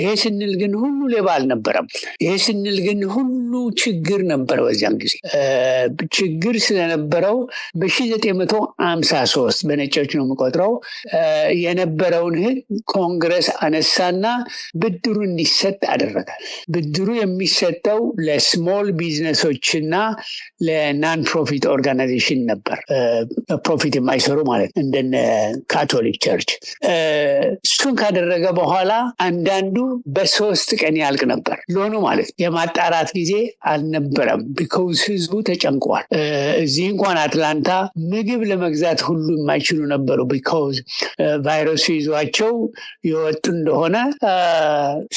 ይሄ ስንል ግን ሁሉ ሌባ አልነበረም። ይሄ ስንል ግን ሁሉ ችግር ነበር በዚያን ጊዜ ችግር ስለነበረው በ 953 በነጮች ነው የምቆጥረው የነበረውን ህግ ኮንግረስ አነሳና ብድሩ እንዲሰጥ አደረገ። ብድሩ የሚሰጠው ለስሞል ቢዝነሶችና ለናን ፕሮፊት ኦርጋናይዜሽን ነበር። ፕሮፊት የማይሰሩ ማለት እንደነ ካቶሊክ ቸርች። እሱን ካደረገ በኋላ አንዳንዱ በሶስት ቀን ያልቅ ነበር ሎኑ ማለት የማጣራት ጊዜ አልነበረም። ቢኮዝ ህዝቡ ተጨንቋል። እዚህ እንኳን አትላንታ ምግብ ለመግዛት ሁሉ የማይችሉ ነበሩ። ቢኮዝ ቫይረሱ ይዟቸው የወጡ እንደሆነ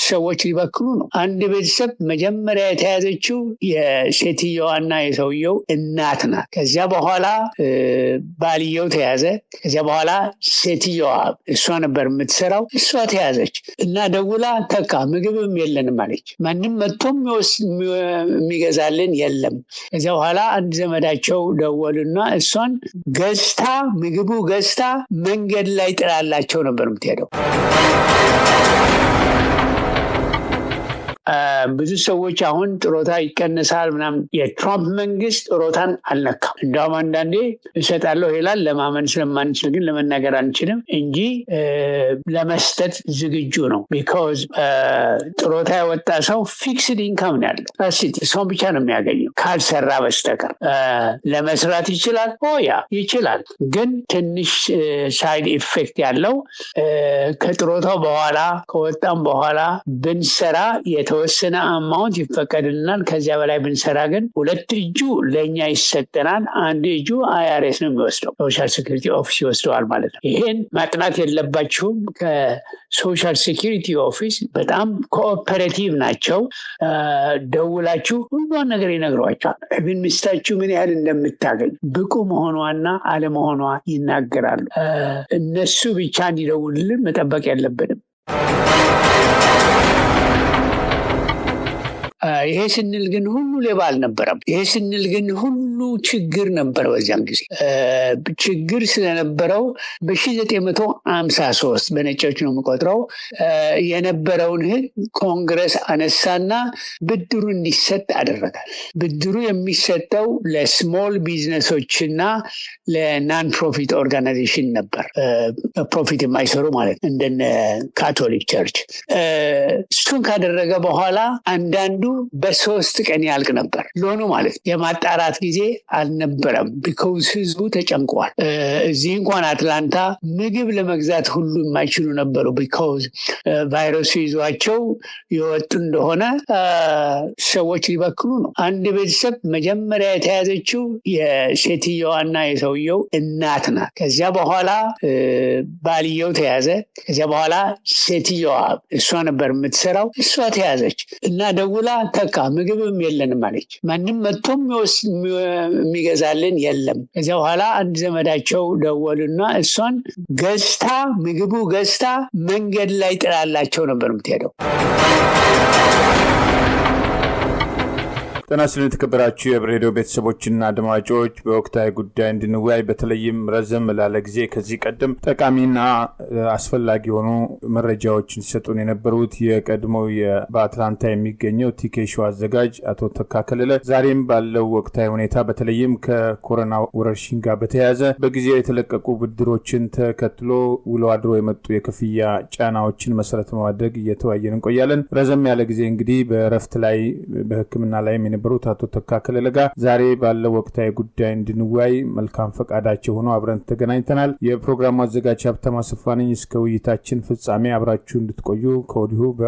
ሰዎች ሊበክሉ ነው። አንድ ቤተሰብ መጀመሪያ የተያዘችው የሴትየዋና የሰውየው እናት ናት። ከዚያ በኋላ ባልየው ተያዘ። ከዚያ በኋላ ሴትየዋ እሷ ነበር የምትሰራው፣ እሷ ተያዘች እና ደውላ ተካ፣ ምግብም የለንም አለች። ማንም መጥቶም የሚገዛልን የለም። ከዚያ በኋላ አንድ ዘመዳቸው ደወሉና እሷን ገዝታ ምግቡ ገዝታ መንገድ ላይ ጥላላቸው ነበር የምትሄደው። ብዙ ሰዎች አሁን ጥሮታ ይቀንሳል ምናም የትራምፕ መንግስት ጥሮታን አልነካም። እንዲሁም አንዳንዴ እሰጣለሁ ይላል። ለማመን ስለማንችል ግን ለመናገር አንችልም እንጂ ለመስጠት ዝግጁ ነው። ቢካዝ ጥሮታ የወጣ ሰው ፊክስድ ኢንካም ነው ሰውን ብቻ ነው የሚያገኘው ካልሰራ በስተቀር ለመስራት ይችላል። ያ ይችላል፣ ግን ትንሽ ሳይድ ኢፌክት ያለው ከጥሮታው በኋላ ከወጣም በኋላ ብንሰራ የተወሰነ ገና አማውንት ይፈቀድልናል። ከዚያ በላይ ብንሰራ ግን ሁለት እጁ ለእኛ ይሰጠናል። አንድ እጁ አይአርኤስ ነው የሚወስደው፣ ሶሻል ሴኩሪቲ ኦፊስ ይወስደዋል ማለት ነው። ይሄን ማጥናት የለባችሁም። ከሶሻል ሴኩሪቲ ኦፊስ በጣም ኮኦፐሬቲቭ ናቸው። ደውላችሁ ሁሉን ነገር ይነግሯቸዋል። ብን ሚስታችሁ ምን ያህል እንደምታገኝ ብቁ መሆኗና አለመሆኗ ይናገራሉ። እነሱ ብቻ እንዲደውልልን መጠበቅ የለብንም። ይሄ ስንል ግን ሁሉ ሌባ አልነበረም። ይሄ ስንል ግን ሁሉ ችግር ነበር። በዚያን ጊዜ ችግር ስለነበረው በ1953 በነጮች ነው የምቆጥረው የነበረውን ህግ ኮንግረስ አነሳና ብድሩ እንዲሰጥ አደረገ። ብድሩ የሚሰጠው ለስሞል ቢዝነሶችና ለናን ፕሮፊት ኦርጋናይዜሽን ነበር። ፕሮፊት የማይሰሩ ማለት እንደነ ካቶሊክ ቸርች። እሱን ካደረገ በኋላ አንዳንዱ በሶስት ቀን ያልቅ ነበር። ሎኑ ማለት የማጣራት ጊዜ አልነበረም። ቢኮዝ ህዝቡ ተጨንቋል። እዚህ እንኳን አትላንታ ምግብ ለመግዛት ሁሉ የማይችሉ ነበሩ። ቢኮዝ ቫይረሱ ይዟቸው የወጡ እንደሆነ ሰዎች ሊበክሉ ነው። አንድ ቤተሰብ መጀመሪያ የተያዘችው የሴትየዋና የሰውየው እናት ናት። ከዚያ በኋላ ባልየው ተያዘ። ከዚያ በኋላ ሴትየዋ እሷ ነበር የምትሰራው፣ እሷ ተያዘች እና ደውላ ተካ ምግብም የለንም አለች። ማንም መጥቶም የሚገዛልን የለም። ከዚያ በኋላ አንድ ዘመዳቸው ደወሉና እሷን ገዝታ ምግቡ ገዝታ መንገድ ላይ ጥላላቸው ነበር የምትሄደው። ጤና ይስጥልን የተከበራችሁ የህብር ሬዲዮ ቤተሰቦችና አድማጮች፣ በወቅታዊ ጉዳይ እንድንወያይ በተለይም ረዘም ላለ ጊዜ ከዚህ ቀደም ጠቃሚና አስፈላጊ የሆኑ መረጃዎች እንዲሰጡን የነበሩት የቀድሞው በአትላንታ የሚገኘው ቲኬሾ አዘጋጅ አቶ ተካከለለ ዛሬም ባለው ወቅታዊ ሁኔታ በተለይም ከኮሮና ወረርሽኝ ጋር በተያያዘ በጊዜው የተለቀቁ ብድሮችን ተከትሎ ውሎ አድሮ የመጡ የክፍያ ጫናዎችን መሰረት በማድረግ እየተወያየን እንቆያለን። ረዘም ያለ ጊዜ እንግዲህ በእረፍት ላይ በሕክምና ላይም የነበሩት አቶ ተካከለ ለጋ ዛሬ ባለው ወቅታዊ ጉዳይ እንድንወያይ መልካም ፈቃዳቸው ሆኖ አብረን ተገናኝተናል። የፕሮግራሙ አዘጋጅ ሀብታም አስፋ ነኝ። እስከ ውይይታችን ፍጻሜ አብራችሁ እንድትቆዩ ከወዲሁ